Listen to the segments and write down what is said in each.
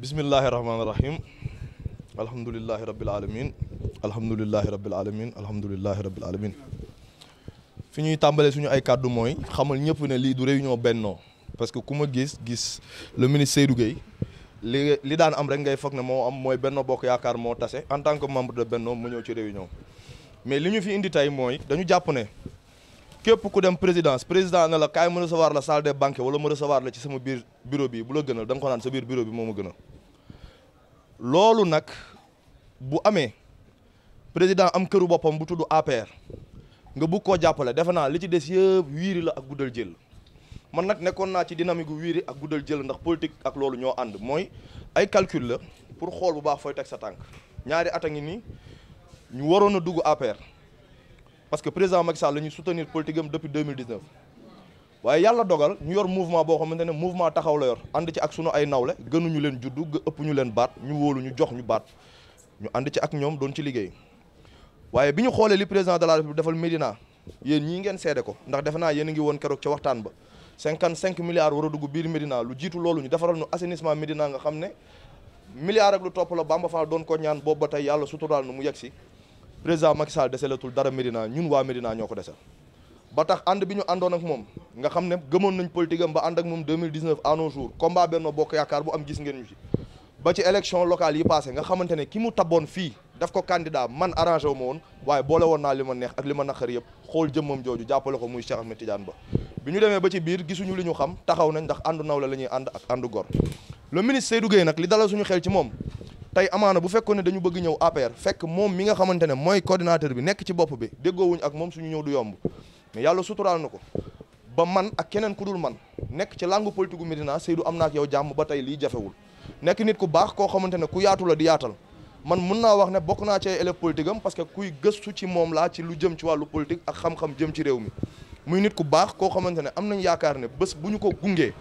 bismillahi rahmaani rahim alhamdulilahi rabil alamin alhamdulilahi rabil alamin alhamdulilahi rabil alamin fi ñuy tàmbalee suñu ay kàddu mooy xamal ñëpp ne lii du réunion bennoo parce que ku ma gis gis le ministre Seydou Gueye li li daan am rek ngay foog ne moo am mooy Benno Bokk Yaakaar moo tase en tant que membre de Benno mu ñëw ci réunion mais li ñu fi indi tey mooy dañu jàpp ne képp ku dem présidence président ne la kaay ma recevoir la salle des banquets wala ma recevoir la bu la gënal da nga ko biir bureau bi moo ma loolu nag bu amee président am këru boppam bu tudd APR nga bugg koo jàppale defe naa li ci des yëpp wiiri la ak guddal jël man nag nekkoon naa ci dynamique gu wiiri ak guddal jël ndax politique ak loolu ñoo ànd mooy ay calcul la pour xool bu baax fooy teg sa tànk ñaari at a ngi nii ñu waroon a dugg APR parce que président Macky Sall la ñuy soutenir politique am depuis 2019 waaye yàlla dogal ñu yor mouvement boo xamante ne mouvement taxaw la yor ànd ci ak sunu ay nawle gënuñu leen juddu ëpp ñu leen baat ñu wóolu ñu jox ñu baat ñu ànd ci ak ñoom doon ci liggéey waaye bi ñu xoolee li président de la république defal Médina yéen ñii ngeen seede ko ndax defe naa yéen a ngi woon keroog ca waxtaan ba 55 milliards war a dugg biir Médina lu jiitu loolu ñu defaral ñu assainissement Médina nga xam ne milliards ak lu topp la Bamba Fall doon ko ñaan boobu ba tey yàlla suturaal na mu yegg si président Macky Sall deselatul dara Médina ñun waa Médina ñoo ko desal ba tax ànd bi ñu àndoon ak moom nga xam ne gëmoon nañ politique am ba ànd ak moom 2019 à nos jours combat Benno Bokk Yaakaar bu am gis ngeen ñu ci ba ci élection locale yi passé nga xamante ne ki mu taboon fii daf ko candidat man arrangé wu ma woon waaye boole woon naa li ma neex ak li ma naqar yëpp xool jëmmam jooju jàppale ko muy Cheikh Ahmed Tidiane Ba bi ñu demee ba ci biir gisuñu li ñu xam taxaw nañ ndax àndu naw la la ñuy ànd ak àndu gor le ministre Seydou Gueye nag li dalal suñu ci moom tey amaana bu fekkoon ne dañu bëgg ñëw APR fekk moom mi nga xamante ne mooy coordinateur bi nekk ci bopp bi déggoowuñ ak moom suñu ñëw du mais yàlla suturaal na ko ba man ak keneen ku dul man nekk ci langue politique gu Médina Seydou am naa ak yow jàmm ba tey lii jafewul nekk nit ku baax koo xamante ne ku yaatu la di yaatal man mun naa wax ne bokk naa cee ay élève parce que kuy gëstu ci moom laa ci lu jëm ci wàllu politique ak xam-xam jëm ci réew mi muy nit ku baax koo xamante ne am nañ yaakaar ne bés bu ñu ko gungee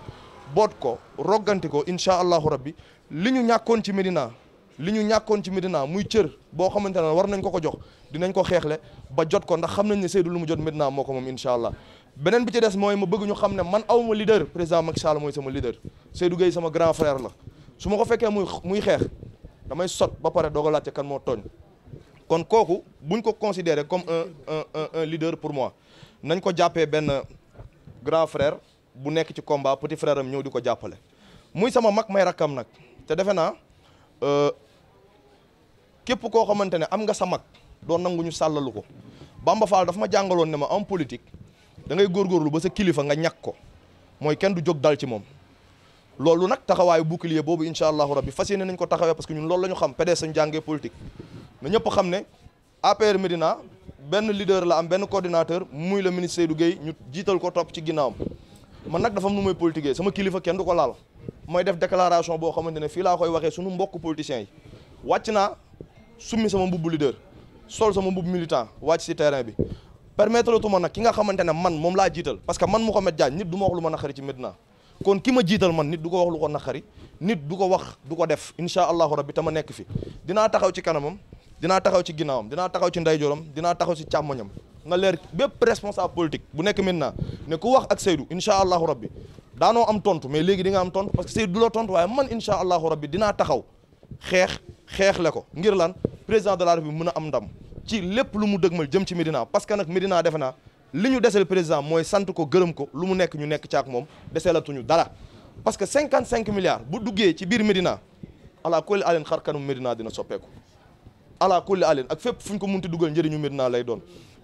boot ko rogganti ko incha allahu rabbi li ñu ñàkkoon ci Médina li ñu ñàkkoon ci Médina muy cër boo xamante ne war nañ ko ko jox dinañ ko xeexle ba jot ko ndax xam nañ ne Seydou lu mu jot Médina moo ko moom incha allah beneen bi ci des mooy ma bëgg ñu xam ne man aw ma leader président Macky Sall mooy sama leader Seydou Gueye sama grand frère la su ma ko fekkee muy muy xeex damay sot ba pare doo a laajte kan moo tooñ kon kooku buñ ko considéré comme un un leader pour moi nañ ko jàppee benn grand frère bu nekk ci combat petit frère am ñëw di ko jàppale muy sama mag may rakkam nag te defe naa. Euh, képp koo xamante ne am nga sa mag doon nangu ñu sàllalu ko Bamba Fall dafa ma jàngaloon ne ma en politique da ngay góorlu ba sa kilifa nga ñàkk ko mooy kenn du jóg dal ci moom. loolu nag taxawaayu bouclier boobu incha allahu rabbi fas yéene nañ ko taxawee parce que ñun loolu la ñu xam PDS ñu jàngee politique na ñëpp xam ne APR Médina benn leader la am benn coordinateur muy la ministre Seydou Guèye ñu jiital ko topp ci ginnaaw man nag dafa nu muy politiquer sama kilifa kenn du ko laal mooy déclaration boo xamante ne fii laa koy waxee suñu mbokk politiciens yi naa summi sama mbubb leader sol sama mbubb militant wàcc si terrain bi permettre tuma nag ki nga xamante ne man moom laa jiital parce que man Mouhamed Diagne nit du ma lu ma naqari ci Medina kon ki ma jiital man nit du ko wax lu ko naqari nit du ko wax du ko def incha allahu rabbi tama nekk fi dinaa taxaw ci kanamam dinaa taxaw ci ginnaawam dinaa taxaw ci ndeyjooram dinaa taxaw ci càmmoñam nga leer bépp responsable politique bu nekk maintenant ne ku wax ak Seydou incha allahu rabbi daanoo am tontu mais léegi di nga am tontu parce que Seydou du la tontu waaye man incha allahu rabbi dinaa taxaw xeex xeex ko ngir lan président de la République mën a am ndam ci lépp lu mu dëgmal jëm ci Médina parce que nag Médina defena li ñu deseel président mooy sant ko gërëm ko lu mu nekk ñu nekk ak moom deseelatuñu dara parce que 55 milliards bu duggee ci biir Médina ala kulli aleen xar kanum Médina dina soppeeku ala kulli aleen ak fépp fu ñu ko munti dugal njëriñu Médina lay doon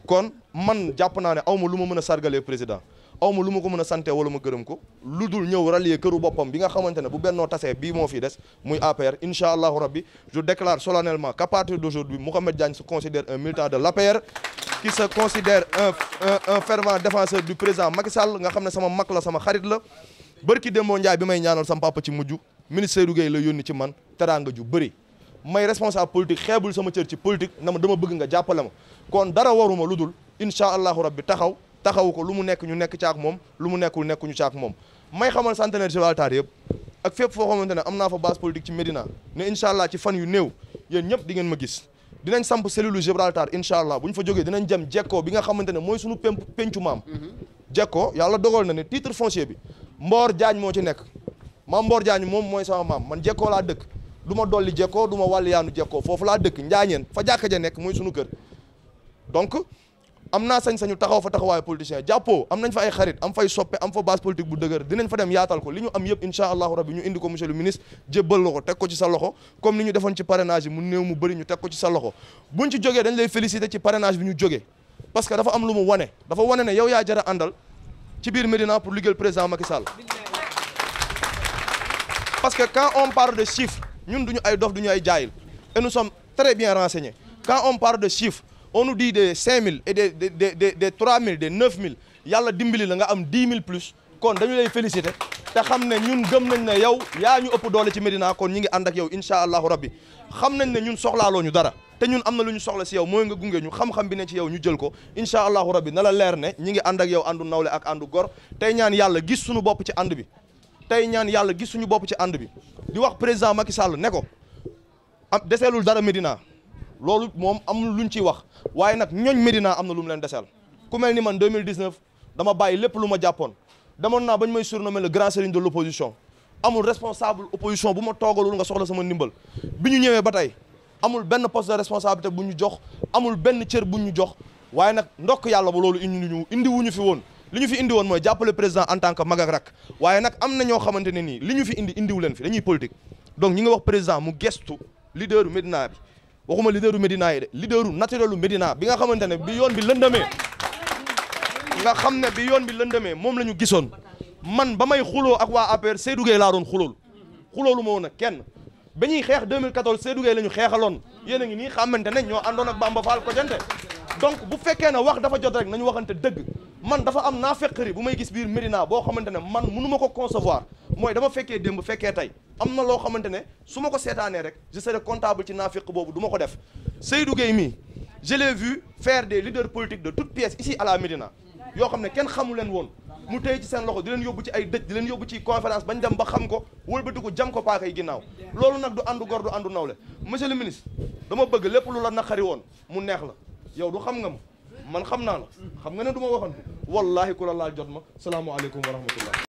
kon man jàpp naa ne aw ma lu ma mën a sargalee président aw ma lu ma ko mën a sante wala ma gërëm ko lu dul ñëw rallier këru boppam bi nga xamante ne bu bennoo tasee bii moo fi des muy APR incha allahu rabbi je déclare solennellement qu'à partir d'aujourd'hui Mouhamed Diagne se considère un militant de l'APR qui se considère un un un fervent défenseur du président Macky nga xam ne sama mag la sama xarit la bërki Dembo Ndiaye bi may ñaanal sama papa ci mujj ministre Seydou Gueye la yónni ci man teraanga ju bëri may responsable politique xeebul sama cër ci politique na ma dama bëgg nga jàppale ma kon dara waruma lu dul incha allahu rabbi taxaw. taxawu ko lu mu nekk ñu nekk caak moom lu mu nekkul nekk ñu caak moom may xamal centenaire Gibraltar yëpp ak fépp foo xamante ne am naa fa base politique ci Médina ne incha allah ci fan yu néew yéen ñëpp di ma gis dinañ samp cellule Gibraltar incha allah bu ñu fa jógee dinañ jëm jekkoo bi nga xamante ne mooy suñu pémp péncu maam mm-hmm. jekkoo yàlla dogal na ne titre foncier bi Mboor Jaañ moo ci nekk maam Mboor Jaañ moom mooy sama maam man jekkoo laa dëkk duma dolli jekkoo du ma wàlli yaanu jekkoo foofu laa dëkk njaañeen fa jàkka ja nekk mooy suñu kër donc am na sañ-sañu taxaw fa taxawaayu politicien jàppoo am nañ fa ay xarit am fay soppe am fa base politique bu dëgër dinañ fa dem yaatal ko li ñu am yëpp incha allahu rabbi ñu indi ko monsieur le ministre jébbal la ko teg ci sa loxo comme ni ñu defoon ci parrainage yi mu néew mu bëri ñu teg ci sa loxo buñ ci jógee dañ lay féliciter ci parrainage bi ñu jógee parce que dafa am lu mu wane dafa wane ne yow yaa jara àndal ci biir Médina pour liggéeyal président Macky Sall parce que quand on parle de chiffres ñun duñu ay dof duñu ay jaayil et nous sommes très bien renseignés quand de chiffres on nous dit des 5000 et des des des des des 3000 des 9000 yàlla dimbali la nga am 10 000 plus kon dañu lay féliciter te xam ne ñun gëm nañ ne yow yaa ñu ëpp doole ci Médina kon ñi ngi ànd ak yow incha allahu rabbi xam nañ ne ñun soxlaaloo ñu dara te ñun am na lu ñu soxla si yow mooy nga gunge ñu xam-xam bi ne ci yow ñu jël ko incha allahu rabbi na la leer ne ñi ngi ànd ak yow àndu nawle ak àndu gor tey ñaan yàlla gis suñu bopp ci ànd bi tey ñaan yàlla gis bopp ci ànd bi di wax président Macky Sall ne ko am deseelul dara Médina loolu moom amul ñu ciy wax waaye nag ñooñ Médina am na lu mu leen deseel ku mel ni man 2019 dama bàyyi lépp lu ma jàppoon demoon naa bañ may surnommé le grand serigne de l' opposition amul responsable opposition bu ma toogalul nga soxla sama ndimbal bi ñu ñëwee ba tey amul benn poste de responsabilité bu ñu jox amul benn cër bu ñu jox waaye nag ndokk yàlla ba loolu indi ñu indi wuñu fi woon li ñu fi indi woon mooy jàppale président en tant qu mag ak rak waaye am na ñoo xamante ne li ñu fi indi indiwu leen fi dañuy politique donc ñi nga wax président mu gestu leaderu Médina bi waxuma leaderu Medina yi de leaderu naturelu Medina bi nga xamante ne bi yoon bi lëndëmee nga xam ne bi yoon bi lëndëmee moom la ñu gisoon man ba may xuloo ak waa APR Seydou Gueye laa doon xulool xuloolu moo woon kenn ba ñuy xeex 2014 Seydou Gueye la ñu xeexaloon yéen a ngi nii xamante ne ñoo àndoon ak Bamba Fall ko jante donc bu fekkee ne wax dafa jot rek nañu waxante dëgg man dafa am naa feqari bu may gis biir Medina boo xamante ne man mënu ko concevoir mooy dama fekkee démb fekkee tey am na loo xamante ne su ma ko seetaanee rek je serai comptable ci naafiq boobu du ko def Seydou Gueye mii je l'ai vu faire des leaders politiques de toutes pièces ici à la Médina yoo xam ne kenn xamu leen woon mu tey ci seen loxo di leen yóbbu ci ay dëj di leen yóbbu ci conférence bañ dem ba xam ko wëlbati ko jam ko paaka yi ginnaaw loolu nag du àndu gor du àndu nawle monsieur le ministre dama bëgg lépp lu la naqari woon mu neex la yow du xam nga ma man xam naa xam nga ne du ma waxantu wallaahi ku la laal jot ma salaamualeykum wa rahmatullah